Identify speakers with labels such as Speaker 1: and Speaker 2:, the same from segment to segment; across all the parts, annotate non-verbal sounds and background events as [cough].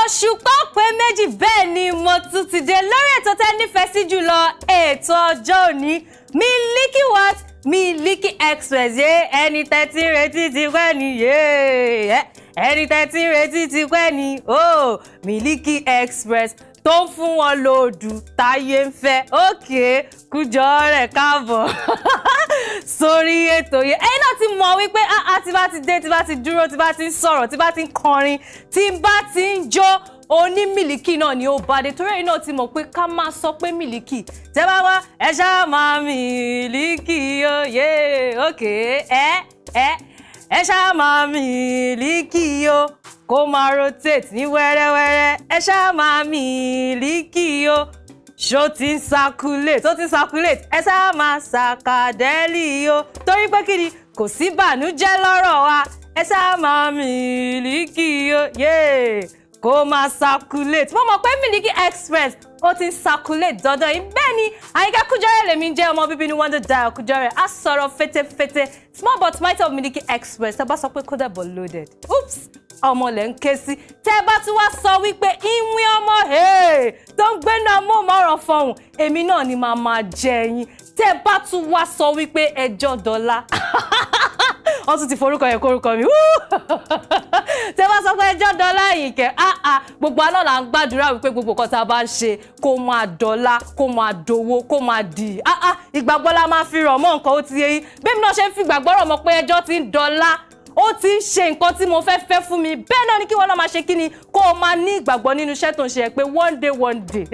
Speaker 1: òṣùpá pé méjì bẹ́ẹ̀ ni mo tún ti dé lórí ètò tẹ́ nífẹ̀ẹ́ sí jùlọ ètò ọjọ́ òní Miliki What Miliki Express yé ẹni tẹ́tí retí ti pẹ́ ni yé ẹni tẹ́tí retí ti pẹ́ ni ó oh, Miliki Express tó fún wọn lòdù táyé ń fẹ́ òkè kújọ rẹ̀ káàbọ̀ [laughs] sórí ètò yẹn ẹ̀yin náà ti mọ̀ wípé àá tí bá ti dé tí bá ti dúró tí bá ti ń sọ̀rọ̀ tí bá ti ń kọrin tí bá ti ń jó onímìlìkì náà ni ó bàdé torí ẹ̀yin náà ti mọ̀ pé ká máa sọ pé mìlìkì tẹ́ bá wá ẹ ṣá máa mìlìkì òye òkè ẹ ẹ ẹ ṣá máa mìlìkì o kó máa rotate ní wẹ́rẹ́wẹ́rẹ́ ẹ ṣáà máa Miliki o ṣó ti ń circulate tó ti ń circulate ẹ ṣáà máa sàkàdẹ́lì o torí pé kí ni kò sí bànújẹ́ lọ́rọ̀ wa ẹ ṣáà máa Miliki o yéè kó máa circulate mo mọ̀ pé Miliki Express ó ti ń circulate dandan yìí bẹ́ẹ̀ ni Àyìnkẹ́ Kújọrẹ́ lèmi jẹ́ ọmọ bíbí ní wonder dia Kújọrẹ́ á sọ̀rọ̀ fetefete small but might of Miliki Express ẹ bá sọ pé kódà bọ̀ loaded oops ọmọ lẹ̀ ń ké sí tẹ́ ẹ bá tún wá sọ wípé ìwín ọmọ tó ń gbéná amóhùnmáwòrán fọhùn èmi náà ni màá máa jẹ ẹyin tẹ́ ẹ bá tún wá sọ wípé ẹjọ́ dọ́là [laughs] wọ́n tún ti forúkọ yẹn kórúkọ mi [laughs] tẹ bá sọ pé ẹjọ́ dọ́là Àyìnkẹ́ áà ah, ah, gbogbo aná là ń gbàdúrà wípé gbogbo kan tá a bá ń ṣe kó máa dọ́là kó máa dòwó kó máa dì áà ah, ìgbàgbọ́ la máa fi rọ̀ mọ́ nǹkan ó ti yẹ yín bẹ́ẹ̀ mi náà ṣe ń fi ìgbàgbọ́ rọ̀ mọ́ pé ẹjọ́ ti ń dọ́là ó ti ń ṣe nǹkan tí mo fẹ́ fẹ́ fún mi bẹ́ẹ̀ náà ni kí wọ́n lọ́ọ́ máa ṣe kí ni kó o máa ní ìgbàgbọ́ nínú iṣẹ́ tó ń ṣe ẹ̀ pé one day one day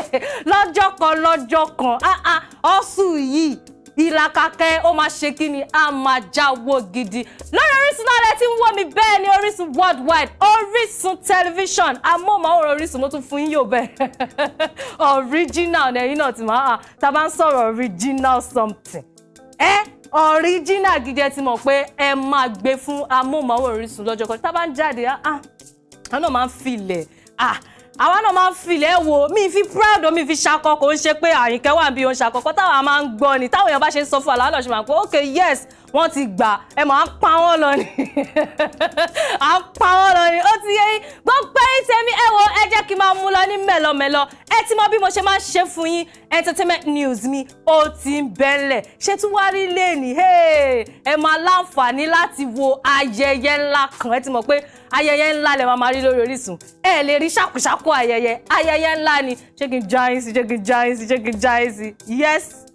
Speaker 1: [laughs] lọ́jọ́ kan lọ́jọ́ kan ah ah ọ̀sùn yìí ìlàkàkẹ́ ó máa ṣe kí ni a máa jáwó gidi lórí Orísun náà lẹ ti ń wò mí bẹ́ẹ̀ ni Orísun worldwide Orísun tẹlifíṣàn amóhùnmáwòrán Orísun mo tún fún yín yóò bẹ́ẹ̀ [laughs] original ẹ̀yin náà ti máa ah, ta bá ń sọ̀rọ̀ original something eh? original gíjẹ́ ti mọ̀ pé ẹ máa gbé fún amóhùnmáwòrán Orísun lọ́jọ́ kan tá a bá ń jáde àwọn náà máa ń filẹ̀ àwa náà wo mi fi proud mi fi ṣakọ kò ń ṣe pé àyìnkẹ́ wà bí òun ṣakọ kọ́ táwa máa ń gbọ́ ni táwọn èèyàn bá ṣe ń sọ fún wa làwọn náà ṣe máa okay yes wọ́n ti gbà ẹ máa ń pa wọ́n lọ ni [laughs] à ń pa wọ́n lọ ni ó ti yé yín gbogbo ẹ̀yin tèmi ẹ wo ẹ jẹ́ kí n máa mú lọ ní mẹ́lọmẹ́lọ ẹ ti mọ bí mo ṣe máa ṣe fún yín entertainment news mi ó ti ń bẹ́lẹ̀ ṣé tún wá rí lẹ́ẹ̀ni ẹ máa láǹfààní láti wo ayẹyẹ ńlá kan ẹ ti mọ̀ pé ayẹyẹ ńlá lẹ máa rí lórí Orísun ẹ lè rí ṣàkóṣàkó ayẹyẹ ayẹyẹ ńlá ni ṣé kí n já yín sí ṣé kí n já yín sí ṣé kí n já yín sí yes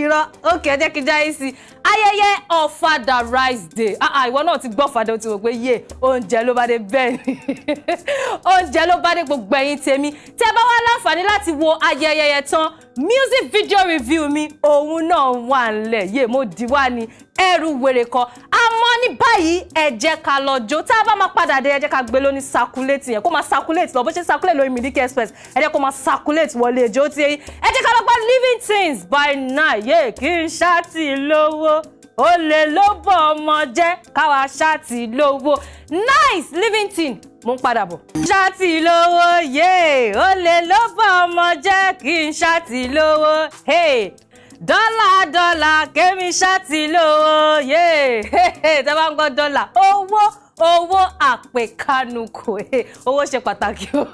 Speaker 1: irọ́ òkè ẹjẹ́ kí n jáyé sí i ayẹyẹ ọ̀fadà rice day ah ah ìwọ náà ti gbọ́ ọ̀fadà ó ti wò pé yé oúnjẹ ló bá dé bẹ́ẹ̀ ni [laughs] oúnjẹ ló bá dé gbogbo ẹ̀yin tèmi tẹ bá wá láǹfààní láti wo ayẹyẹ tán music video review mi òun náà wà ńlẹ̀ yé mo dì wá ni ẹrù wèrè kan àmọ́ ní báyìí ẹ jẹ́ ká lọ jó tá a bá máa padà dé ẹ jẹ́ ká gbé lóní circulate yẹn kó máa circulate lọ bó ṣe circulate lórí Miliki Express ẹ kó máa circulate wọlé ẹjọ́ tí eyín ẹ ká lọ living things by náyè kí n ṣáàtì lówó olè ló bọ̀ ọmọ jẹ́ káwa ṣáàtì lówó nice living thing mo ń padà bọ̀. ṣáàtì lówó yé olè ló bọ̀ ọmọ jẹ́ kí n ṣáàtì lówó dọ́là dọ́là kémi ṣáàtì lówó yéé tẹ́ bá ń gbọ́ dọ́là owó owó àpèkánukò owó ṣe pàtàkì o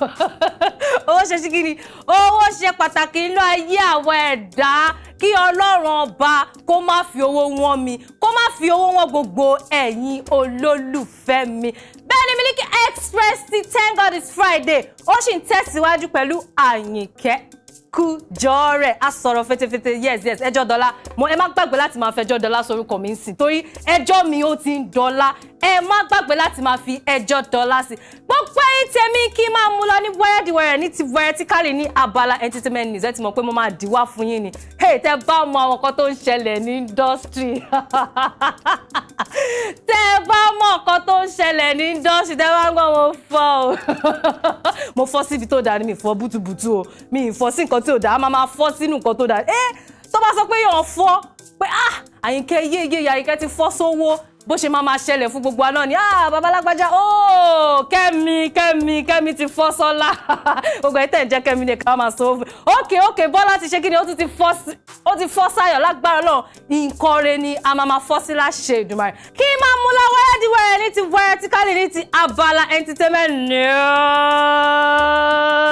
Speaker 1: [laughs] owó ṣe sí kíni owó ṣe pàtàkì nínú ayé àwọn ẹ̀dá kí ọlọ́run ọba kó má fi owó wọn mi kó má fi owó wọn gbogbo ẹ̀yin olólùfẹ́ mi bẹ́ẹ̀ ni Miliki Express ti thank God it's Friday ó sì ń tẹ̀síwájú pẹ̀lú Àyìnkẹ́ kú jọ̀ọ́rẹ̀ a sọ̀rọ̀ fetefete yes yes ẹjọ́ dọ́là mo ẹ má gbàgbé láti máa fẹjọ́ dọ́là sórúkọ mi ń sìn torí ẹjọ́ mi ó ti ń dọ́là ẹ má gbàgbé láti máa fi ẹjọ́ dọ́là sí gbogbo ẹ̀yin tèmi kí n máa mú lọ ní wẹ́rẹ́díwẹ́rẹ́ ní ti vertically ní abala entertainment news ẹ ti mọ̀ pé mo máa dìwà fún yín ni hey tẹ bá mọ àwọn nǹkan tó ń ṣẹlẹ̀ ní industry [laughs] tẹ bá mọ nǹkan tó ń ṣẹlẹ̀ ní industry tẹ bá ń gbọ́ mo fọ́ o [laughs] mo fọ́ síbi tó dáa ni mi fọ́ bútubùtu o mi fọ́ sí nǹkan tí ò dáa a máa máa fọ́ sínú nǹkan tó dáa ẹ eh, tó bá sọ pé yàn fọ́ pé ah àyìnkẹ́ yéye àyìnkẹ́ ti fọ́ sówó bó ṣe máa máa ṣẹlẹ̀ fún gbogbo àná ni ah babalágbájá ó oh, kẹ́mi kẹ́mi kẹ́mi ti fọ́ sọ́lá [laughs] gbogbo ẹ̀ tẹ̀ ń jẹ́ kẹ́mi ní ká máa sọ́ọ́fù ókè ókè bọ́lá ti ṣe kí ni ó ti fọ́ sáyọ̀ lágbára náà nǹkan re ni a máa máa fọ́ sí láṣẹ ìdùnmáyà kí máa mú láwọ́ ẹ̀dínwẹ̀rẹ̀ ní ti vọ́ẹ̀tíkálì ní ti abala entertainment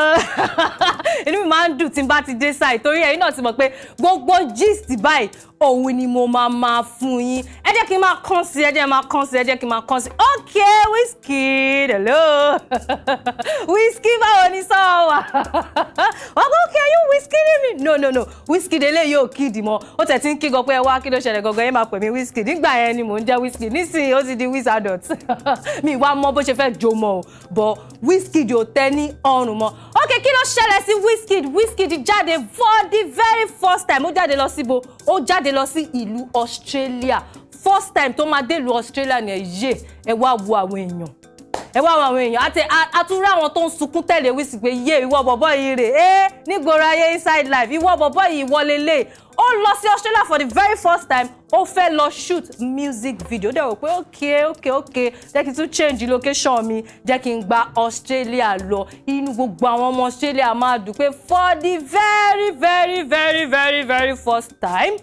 Speaker 1: [laughs] inú mi máa ń dùn tí n bá ti dé sáì torí ẹ̀yin náà ti mọ̀ pé gbogbo gist báyìí òun ni mo máa máa fún yín ẹ jẹ́ kí n máa kàn sí ẹ jẹ́ kí n máa kàn sí ẹ jẹ́ kí n máa kàn sí ok Wizkid hello [laughs] Wizkid báwo ni sọ́ọ̀ wà [laughs] wọ́n kú Wizkid mi no no no Wizkid eléyìí ò kíìdì mọ́ ó tẹ̀ tí ń kí gọpẹ́ wá kí ló ṣẹlẹ̀ gangan yẹn máa pè mí Wizkid nígbà yẹn ni mò ń jẹ́ Wizkid nísìnyí ó ti di wiz adult [laughs] mi wá mọ bó ṣe fẹ́ jo mọ́ o bọ̀ Wizkid ò tẹ́ ní ọrùn mọ́ ok kí ló ṣẹlẹ̀ sí Wizkid Wizkid jáde for the very first time ó jáde lọ síbo ó jáde lọ sí ìlú Australia first time tó máa dé ìlú Australia ni ẹ yé ẹ wá wo àwọn èèyàn ẹ wá àwọn èèyàn àti àtúrà àwọn tó ń sunkún tẹ̀lé wísì yé ìwọ bọ̀bọ̀ yìí rè é nígboro inside life ìwọ bọ̀bọ̀ yìí wọlé lé ó lọ sí Australia for the very first time ó fẹ́ lọ shoot music video dẹ̀ wò pé okay okay okay jẹ́ kí n tún change location mi jẹ́ kí n gba Australia lọ inú gbogbo àwọn ọmọ Australia máa dùn pé for the very very very very very first time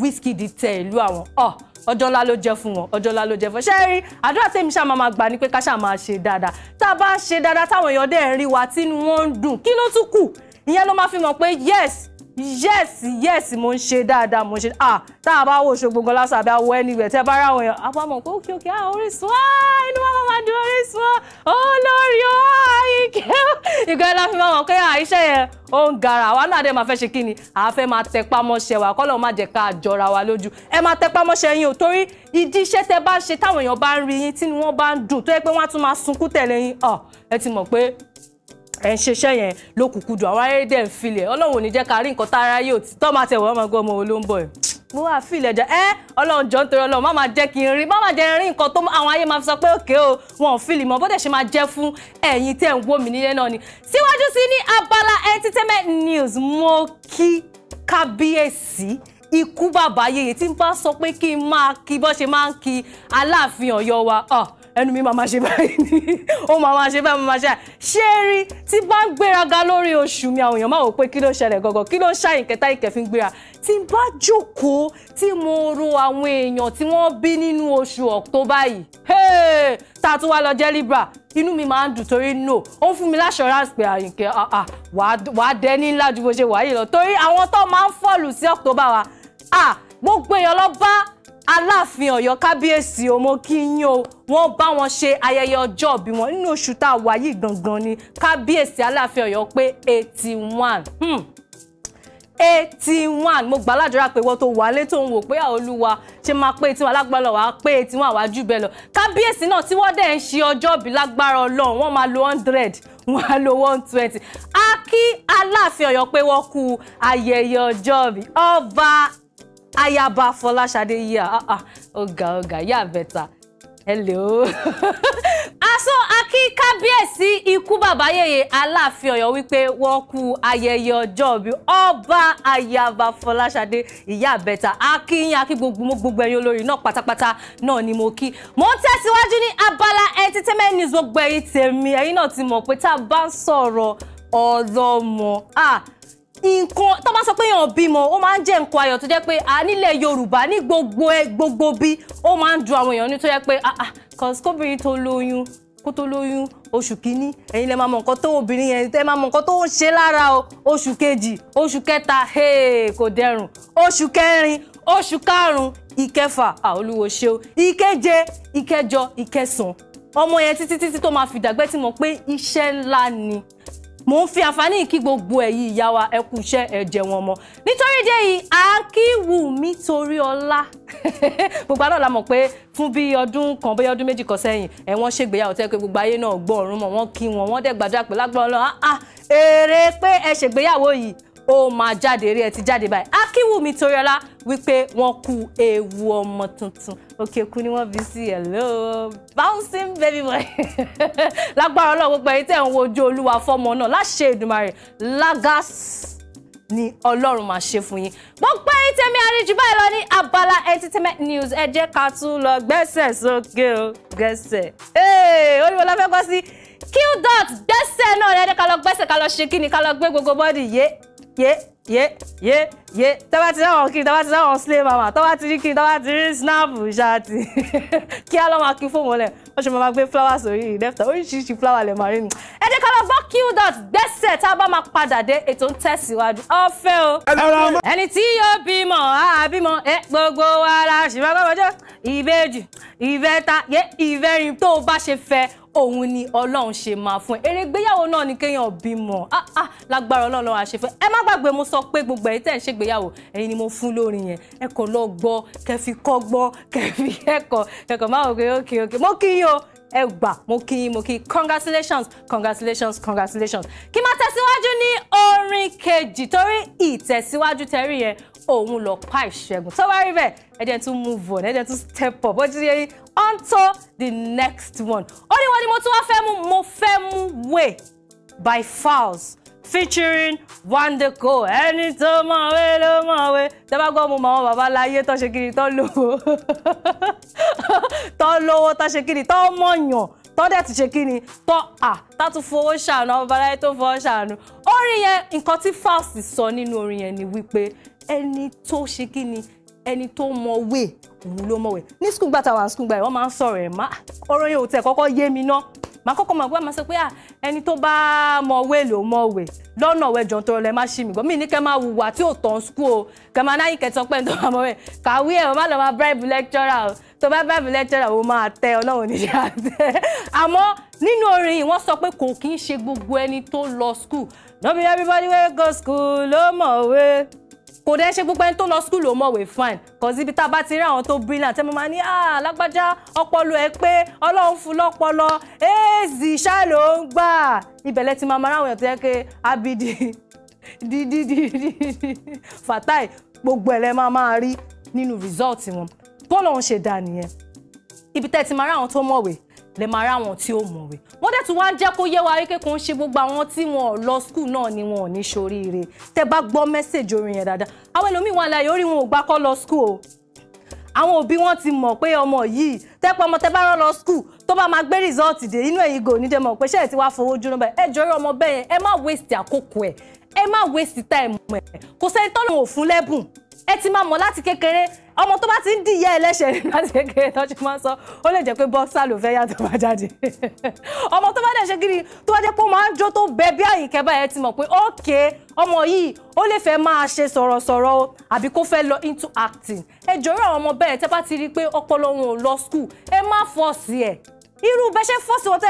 Speaker 1: Wizkid tẹ ìlú àwọn ọ̀. Oh ọjọ́ ńlá ló jẹ́ fún wọn ọjọ́ ńlá ló jẹ́ fún wọn ṣé rí àdúrà tèmi ṣáà máa gbà ni pé ká ṣáà máa ṣe dáadáa tá a bá ṣe dáadáa táwọn èèyàn dẹ̀ rí wa tínú wọn ń dùn kí ló tún kù ìyẹn ló máa fi mọ̀ pé yes yes yes mo ń ṣe dáadáa mo ń ṣe ah tá a bá wo Òṣogbo gan lásán àbí awo anywhere tẹ́ bá rà àwọn èèyàn àbá mọ̀ pé òkè òkè ah Orísun ah inú wa máa dùn Orísun ah, olórí o ah, àìkẹ́ ìgbà ìlà fi máa mọ̀ pé àìṣe ah, yẹn ó ń gara àwa náà dẹ̀ máa fẹ́ ṣe kí ni àá fẹ́ máa tẹpá mọ́ṣẹ́ wa kọ́lọ́ má jẹ́ ká jọra wa lójú ẹ máa tẹpá mọ́ṣẹ́ yín o torí ìdí iṣẹ́ tẹ́ bá ń ṣe táwọn èèyàn bá ń rí yín tí wọ́n bá ń dùn tó yẹ pé wọ́n á tún máa sunkún tẹ̀lé yín ẹ ti mọ̀ pé ẹ ń ṣiṣẹ́ yẹn lókùnkúndùn àwọn ayé dẹ̀ ń filẹ̀ ọlọ́run ò ní jẹ́ ká rí nǹkan tára yóò ti tọ́ máa tẹ̀wọ́ máa gbọ́ ọmọ olóńbó ẹ̀ mo wà fìlẹ̀ jẹ́ ẹ́ ọlọ́run jọ ń torí ọlọ́run má máa jẹ́ kí n rí má máa jẹ́ rí nǹkan tó àwọn ayé máa fi sọ pé òkè o wọn ò fìlì mọ́ bóde ṣe máa jẹ́ fún ẹ̀yin tẹ̀ ń wò mí nílé náà ni síwájú sí ní abala entertainment news mo kí kábíyèsí ikú bàbá yèyé tí ń bá sọ pé kí n máa kí ẹnu mi máa ṣe báyìí ni ó máa ṣe báyìí máa ṣe báyìí ṣé rí tí bá ń gbéraga lórí oṣù mi àwọn èèyàn máa wò pé kí ló ṣẹlẹ̀ gọ̀gọ̀ kí ló ṣàyìn kẹta ìkẹfin gbéra tí n bá jókòó tí mo ro àwọn èèyàn tí wọ́n bí nínú oṣù October yìí tá a tún wá lọ jẹ́ Libra inú mi máa ń dùn torí no ó ń fún mi láṣọránsì pé àyìnkẹ́ ah, ah, wàá dẹ́ni ńlá ju bó ṣe wà yìí lọ torí àwọn tó máa ń fọ́ọ̀lù sí October wa ah, gbogbo èèyàn lọ bá aláàfin Ọ̀yọ́ kábíyèsí o mo kí yín o wọ́n bá wọn ṣe ayẹyẹ ọjọ́ ìbí wọn nínú oṣù tá a wà yìí gangan ni kábíyèsí aláàfin Ọ̀yọ́ pé eighty one hmm. eighty one mo gbà ládùúrà pé wọ́n tó wà létò ń wò pé Olúwa ṣe máa pé eighty one lágbára wàá pé eighty one àwájú bẹ́ẹ̀ lọ kábíyèsí náà tí wọ́n dẹ̀ ń ṣe ọjọ́ ìbí lágbára Ọlọ́run wọ́n máa lo hundred [laughs] wọ́n á lo one twenty a kí Aláàfin Ọ̀yọ́ pé wọ́n kú ayẹyẹ ọjọ́ ìbí ọba ayaba Fọláṣadé yíyà ah, ah. ọ̀gá ọ̀gá yà bẹ́tà hello. [laughs] aṣọ akí kábíyèsí ikú bàbá yèyé aláàfin Ọ̀yọ́ wípé wọ́n kú ayẹyẹ ọjọ́bí ọba ayaba Fọláṣadé ìyá àbẹta akíyín akí gbogbo ẹ̀yin olórí náà pátápátá náà ni mo kí mo ń tẹ̀síwájú ní abala entertainment news gbogbo ẹ̀yin tèmi ẹ̀yin náà ti mọ̀ pé tá a bá ń sọ̀rọ̀ ọlọ́mọ ah, nǹkan tó bá sọ pé èèyàn bímọ ó máa ń jẹ́ nǹkan ayọ̀ tó jẹ́ pé a nílẹ̀ yorùbá ní gbogbo ẹ gbogbo bí ó máa ń dùn àwọn èèyàn ní tó jẹ́ pé ah ah kọ́síkóbìnrin tó lóyún kó tó lóyún oṣù kínní ẹ̀yin lè máa mọ nǹkan tó obìnrin yẹn tẹ́ máa mọ nǹkan tó ń ṣe lára o oṣù kejì oṣù kẹta kò dẹrùn oṣù kẹrin oṣù karùn-ún ìkẹfà àolúwo ṣeun ìkeje ìkẹjọ ìkẹsàn ọmọ yẹn títí títí tó máa fi dàgbẹ́ tí mọ̀ pé iṣẹ́ ńlá ni mò ń fi àǹfààní kí gbogbo ẹ̀yí ìyá wa ẹ kú iṣẹ́ ẹ jẹun ọmọ nítorí dé yìí Akínwùmí Toríọlá [laughs] gbogbo àná la mọ̀ pé fún bí ọdún kan bóyá ọdún méjì kan sẹ́yìn ẹ̀ wọ́n ṣègbéyàwó tẹ́ pé gbogbo ayé náà gbọ́ ọ̀run mọ̀ wọ́n kí wọn wọ́n dẹ̀ gbàdúrà pé lágbọ́n ọlọ́run ah, ah, èrè pé ẹ ṣègbéyàwó yìí ó máa jáde eré ẹ ti jáde báyìí akínwùmí toriola wípé wọn kú ewu ọmọ tuntun òkè kú ni wọn bí sí hello bouncing baby boy [laughs] lágbára ọlọ́run gbogbo ẹ̀yin tẹ̀ ń wo ojú olúwa fọ́mọ náà láṣẹ Èdùmàrè lágàs ni ọlọ́run máa ṣe fún yín gbogbo ẹ̀yin tẹ̀mí àríjù báyìí lọ ní abala entertainment news ẹ jẹ́ ká tún lọ gbẹ́sẹ̀ sókè o gbẹ́sẹ̀ ee olúwọlá fẹ́ kọ́ sí q dot gbẹ́sẹ̀ náà ẹ jẹ́ ká lọ gbẹ́sẹ̀ ká lọ ṣe kí ni ká lọ gbé gbogbo bọ́ọ̀dì yé yé yé yé yé tó bá ti dáwọn kiri tó bá ti dáwọn slay mama tó bá ti rí kiri tó bá ti rí snap ṣáàtì [laughs] kí á lọ́ máa kí fóònù ọ̀lẹ̀ wọ́n ṣe máa gbé flower sórí lẹ́fẹ̀tà oríṣiríṣi flower lẹ̀ máa rí ni. ẹ jẹ́ ká lọ gbọ́ q dot gbẹ́sẹ̀ tá a bá máa padà dé ètò ń tẹ̀síwájú ọ̀fẹ́ o. ẹni tí yóò bímọ àbímọ ẹ òun ni ọlọ́run ṣe máa fún ẹ eré ìgbéyàwó náà ni kéèyàn bímọ ah ah lágbára ọlọ́run àṣefẹ́ ẹ má gbàgbé mo sọ pé gbogbo ẹ̀yin tẹ̀ ń ṣègbéyàwó ẹ̀yin ni mo fún lórí yẹn ẹ kò lọ gbọ́ kẹfì kọ́ gbọ́ kẹfì ẹ̀kọ́ kẹkọ̀ọ́ máa wò pé ókè ókè mo kí yín o ẹ gbà mo kí mo kí congratulations congratulations congratulations kí máa tẹ̀síwájú ní orin kejì torí ìtẹ̀síwájú tẹ̀rí yẹn òun lọ pa ìṣẹ́gun tó bá rí bẹ́ẹ̀ ẹ jẹ́ tún move on ẹ jẹ́ tún step up ó ti yẹ yín on the next one ó ní wọn ni mo tún wá fẹ́ mú mo fẹ́ mú way by fowls featuring Wandeko ẹni tó mọ̀wé ló mọ̀wé tẹ́bá gbọ́ mo mọ̀ àwọn bàbá láyé tó ṣe kiri tó lówó [laughs] tó lówó tó ṣe kiri tó mọ̀yàn tó dẹ̀ ti ṣe kiri tó à tá tún fowó ṣàánú àwọn bàbá láyé tó fowó ṣàánú orin yẹn nǹkan tí Falz sọ nínú orin yẹn ni wípé ẹni tó ṣe kiri ẹni tó mọ̀wé òun ló mọ̀wé ní skúl gbàtà wà yìí wọ́n máa ń sọ̀rọ̀ ẹ̀ má ọ̀rọ̀ yẹn ò tẹ̀ kọ́kọ́ yé mi ná màá kọ́kọ́ mọ̀ pé màá ah, sọ pé ẹni tó bá mọ wé We mọ wé lọ́nà ọ̀wẹ́ jọ̀ tọrọ lẹ má ṣì mí gbọ́ mí ní kẹ́ máa wùwà tí ò tán skú o kẹ́ máa náyì kẹ́ tọpẹ́ tó máa mọ̀ rẹ̀ kàwé ẹ̀ o má lọ máa bribe lecturer o tó bá bribe lecturer o máa tẹ ọlọ́run níṣẹ́ àtẹ àmọ́ nínú orin yìí wọ́n sọ pé kò kí ń ṣe gbogbo ẹni tó no be everybody wey go school ló mọ̀ wé kò dẹ́ ṣe gbogbo ẹni tó lọ skul ò mọ̀wé fine kọ́sí ibi tá a bá ti rí àwọn tó brilliant ẹ mọ̀ máa ní alágbájá ah, ọpọlọ ẹ pé ọlọ́run fún lọ́pọlọ èèzì ṣáà ló ń gbà ibẹ̀lẹ̀ ti máa mara àwọn èèyàn tó yẹ kí abidi dídídídí fatai gbogbo ẹ̀ lẹ́ máa máa rí nínú result wọn bọ́ọ̀lù ọ̀hún ṣe dà nìyẹn ibi tẹ́ ti máa àwọn tó mọ̀wé lè máa ráwọn tí ó mọ̀wé wọ́n dẹ̀ tún wá ń jẹ́ kó yé wa wípé kò ń ṣe gbogbo àwọn tí wọn ò lọ skul náà ni wọn ò ní ṣoríire tẹ́ bá gbọ́ mẹ́sẹ̀jì orin yẹn dáadáa àwọn ẹlòmíì wọn àlàyé orí wọn ò gbà kọ́ lọ skul o àwọn òbí wọn ti mọ̀ pé ọmọ yìí tẹ́pọ̀ ọmọ tẹ́ bá rán lọ skul tó bá máa gbé result dé inú ẹ̀yìn gò ní dẹ́mọ̀ pé ṣẹ́yìn tí wàá fowó jóná bẹ́ẹ̀ ẹ jọrọ ọmọ bẹ́ẹ̀ ẹ má waste àkókò ẹ̀ ẹ má waste time ẹ̀ kò sẹ́ni tọ́lọ́ òfun lẹ́bùn ẹ ti máa mọ̀ láti kékeré ọmọ tó bá ti ń dìyẹ ẹlẹ́ṣẹ̀ láti kékeré tó ṣe máa ń sọ ó lè jẹ́ pé bọ́ksà ló fẹ́ yàtọ̀ bá jáde [laughs] ọmọ tó bá dẹ̀ ṣe kiri tó bá jẹ́ pé ó máa ń jó tó bẹ bí àyíkẹ́ báyẹn ẹ ti mọ̀ pé ókè ọmọ yìí ó lè fẹ́ máa ṣe sọ̀rọ̀sọ̀rọ̀ o àbí kó fẹ́ lọ into acting ẹ jọ̀rọ̀ àwọn ọmọ bẹ́ẹ̀ tẹ́ bá ti rí i pé ọpọlọ wọn ò lọ school ẹ má fọ́ọ̀sì ẹ̀ irú bẹ́ṣẹ́ fọ́ọ̀sì wọn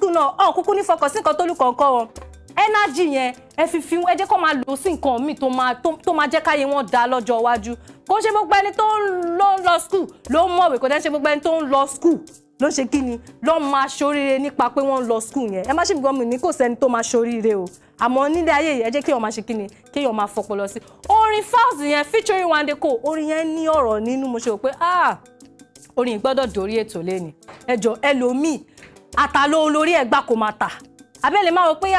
Speaker 1: school náà ọ̀ kúkú ní fọkàn sí nǹkan tó energy yẹn ẹ fi fi ẹ jẹ́ kó máa lò sí nǹkan míì tó máa tó máa jẹ́ káyé wọn dáa lọ́jọ́ iwájú kò ṣe gbogbo ẹni tó ń lọ lọ school ló ń mọ̀wé kò dẹ́ ṣe gbogbo ẹni tó ń lọ school ló ṣe kí ni lọ́ máa ṣoríire nípa pé wọ́n ń lọ school yẹn ẹ má ṣe bí gọ́ọ̀mù ní kò sẹ́ni tó máa ṣoríire o àmọ́ nílé ayé yìí ẹ jẹ́ kéèyàn máa ṣe kí ni kéèyàn máa fọpọlọ sí orin falz yẹn featuring Wandeko orin yẹn ní ọ̀rọ̀ nínú mo ṣe rò pé ah orin ìgbọ́dọ̀ dórí ètò lẹ́ni ẹjọ́ ẹlòmíì àtàlóolórí ẹ̀gbá kò máa tà abẹ́lẹ̀ máa wọ pé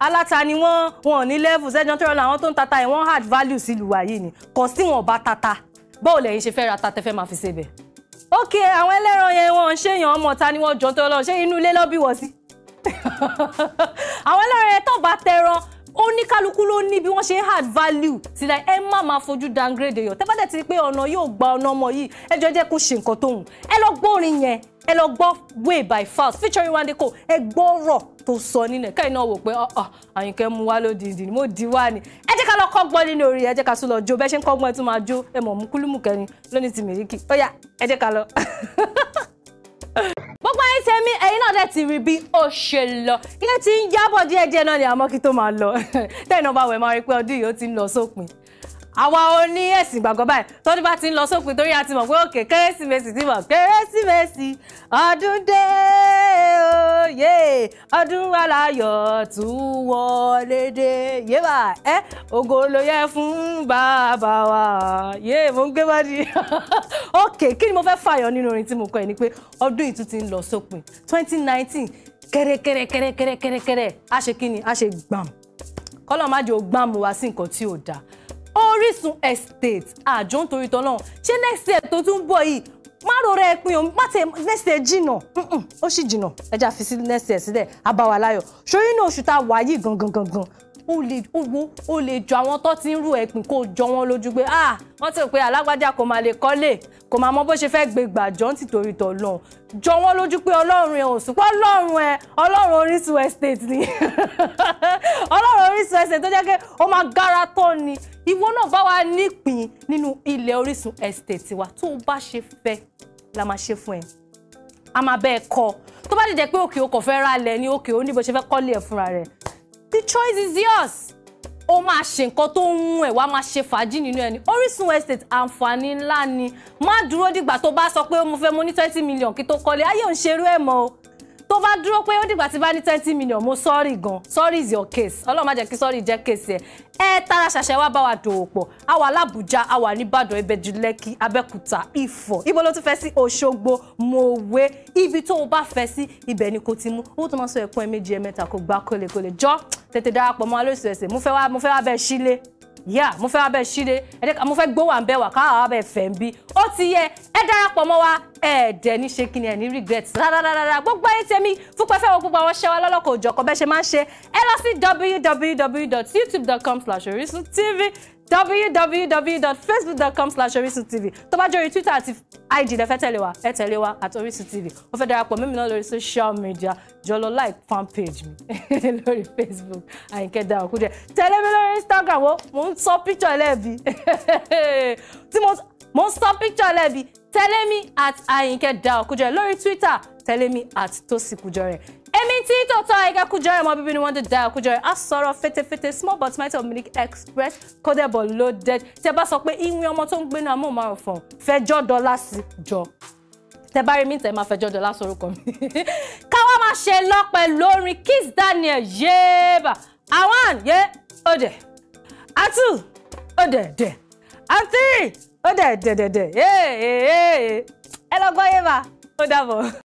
Speaker 1: aláta ni wọ́n wọn ò ní level ẹjọ́ tó rọlá àwọn tó ń tata ẹ̀ wọ́n hard value sílùú wa yìí ni kò sí wọn bá tata báwo lẹ́yìn ṣe fẹ́ ra tata fẹ́ máa fi ṣe bẹ̀. ok àwọn ẹlẹ́ran yẹn wọn ṣé èèyàn ọmọ ta ni wọ́n jọ tó lọ́n ṣé inú ilé lọ́ bí wọ́n sí. [laughs] àwọn ẹlẹ́ran yẹn tó bá tẹran oníkálukú ló ní bí wọ́n ṣe hard value sí la ẹ má máa fojú downgrade yọ tẹ́fàdẹ́ ti pé ọ̀nà yóò gba ọ̀nà ọmọ yìí ẹ jọ jẹ́ kó ṣe nǹkan tóun ẹ lọ gbórin yẹn ẹ lọ gbọ́ way by fast featuring Wandeko ẹ gbọ́rọ̀ tó sọ nínú ẹ̀ káyìn náà wò pé ah, ah, àyìnkẹ́ mu wá lódìdí ni mo di wá ni ẹ jẹ́ ká lọ kọ́gbọ́n nínú orí ẹ jẹ́ ká tún lọ jó bẹ́ẹ̀ ṣe ń kọ́gbọ́n ẹ tún máa jó ẹ mọ̀ mú kúlùmù kẹrin lónìí ti Miliki ó yá ẹ jẹ́ ká lọ [laughs] gbogbo ayé tèmi ẹ̀yin náà dẹ̀ ti rí bí ó ṣe lọ ilé tí ń yábọ̀ díẹ̀díẹ̀ náà ni àmọ́ kí tó máa lọ [laughs] tẹ́ẹ̀ náà bá wẹ̀ máa rí pé ọdún àwa ò ní ẹ̀sìn gbàgbọ́ báyìí tọ́dún bá ti ń lọ sópin torí a ti mọ̀ pé òkè kérésìmesì ti mọ̀ kérésìmesì ọdún dé òye ọdún aláyọ̀ tún wọlé dé yébà ẹ ògo ló yẹ fún bàbá wa yé mo ń gbé wá di [laughs] òkè kí ni mo fẹ́ fàyọ nínú orin tí mo kọ ẹ ni pé ọdún yìí tún ti ń lọ sópin twenty nineteen kẹrẹkẹrẹkẹrẹkẹrẹkẹrẹ a ṣe kí ni a ṣe gbàm kọ́lọ́ má jẹ́ o gbàmù wá sí nǹkan tí ò dáa Orísun estate àjọ ń torí tọ́lọ́run ṣé next year tó tún bọ̀ yìí má rọra ẹ pin o má tẹ next year jìnà ó sì jìnà ẹja fi sí next year sílẹ̀ abáwa láyọ̀ ṣóyún ní oṣù tá a wà gangan gangan ó lè wo ó lè jọ àwọn tó ti ń rú ẹ̀pìn kó jọ wọn lójú ah wọ́n ti pé alágbájá kò máa lè kọ́lé kò máa mọ bó ṣe fẹ́ gbé gbàjọ́ nítorí tọ̀lọ́n jọ wọ́n lójú pé ọlọ́run ẹ̀ òsùn pé ọlọ́run ẹ̀ ọlọ́run Orísun estate ni [laughs] ọlọ́run Orísun estate tó jẹ́ pé ó máa gára tán ni ìwọ náà bá wa nípìn nínú ilẹ̀ Orísun estate wa tó o bá ṣe la máa ṣe fún ẹ a máa bẹ́ẹ̀ kọ́ tó bá dìde pé òkè o kò fẹ́ ra lẹ̀ ní òkè o ní bó ṣe fẹ́ kọ́lé ẹ̀ fúnra rẹ̀ the choice is yours ó máa ṣe nǹkan tó ń mú ẹ wá máa ṣe fàájì nínú ẹni Orísun estate àǹfààní ńlá ni má dúró dìgbà tó bá sọ pé mo fẹ́ mo ní twenty million kí tó kọ́lé ayé òun ṣerú ẹ̀ mọ́ o tó bá dúró pé ó dìgbà tí bá ní twenty million mo sorry gan sorry is your case ọlọ́run má jẹ́ kí sorry jẹ́ case ẹ̀ ẹ tara ṣàṣẹ wá bá wa dòwò pọ̀ a wà lábùjá a wà nìbàdàn ẹbẹ̀jú abẹ́kúta ifọ̀ ibo ló tún fẹ́ sí òṣogbo mòwe ibi tó o bá fẹ́ sí ibẹ̀ ni kò ti mú owó tó máa sọ ẹ̀kún ẹ̀ méjì ẹ̀ mẹ́ta kò gbá kólekóle jọ́ tètè darapọ̀ mọ́ alóòsù ẹ̀sẹ̀ mo fẹ́ wá bẹ́ẹ̀ sílé yà mo fẹ́ wá bẹ́ẹ̀ ṣíre mo fẹ́ gbówó à ń bẹ́ wà káwá wá bẹ́ẹ̀ fẹ́ ń bí ó ti yẹ ẹ darapọ̀ mọ́ wa ẹ̀ẹ́dẹ̀ ní ṣe kíni ẹ̀ ní regret rárárárá gbogbo ayé tèmi fúnpẹ́ fẹ́ wo gbogbo àwọn ṣẹ́wá lọ́lọ́kọ̀ òjọ̀kọ̀ bẹ́ẹ̀ ṣe máa ń ṣe ẹ lọ sí www.youtube.com/orisuntv www.facebook.com slash orisun tv tó bá jẹ́ orí twitter àti ig lẹ́fẹ́ tẹ̀lé wa ẹ tẹ̀lé wa àti orisun tv ó fẹ́ darapọ̀ mímu náà lórí social media jọlọ like fan page mi [laughs] lórí facebook àyìnkẹ́ da òkú jẹ tẹ̀lé mi lórí instagram wo mò ń sọ picture ẹlẹ́bi tí mo ń sọ picture ẹlẹ́bi [laughs] tẹ̀lé mi at àyìnkẹ́ da òkú jẹ lórí twitter tẹ̀lé mi at tosikujọ rẹ̀ èmi tí tòótọ́ ẹ̀ka Kújọrẹ́ ọmọ bíbí ni wọ́n ti da Kújọrẹ́ á sọ̀rọ̀ fetefete small but might of milk express codable loaded tẹ bá sọ pé ìwé ọmọ tó ń gbénu amóhùnmáwòfọ̀n fẹjọ́ dọ́là sí jọ tẹ bá rí mi tẹ máa fẹjọ́ dọ́là sórúkọ mi [laughs] káwá máa ṣe lọ́pẹ́ lórin Kiss Daniel yéèbà àwọn Ode. òdè àtù Ode, dè àtì òdè dèdèdè ẹ lọ gbọ́ yéèbà ó dàbọ̀.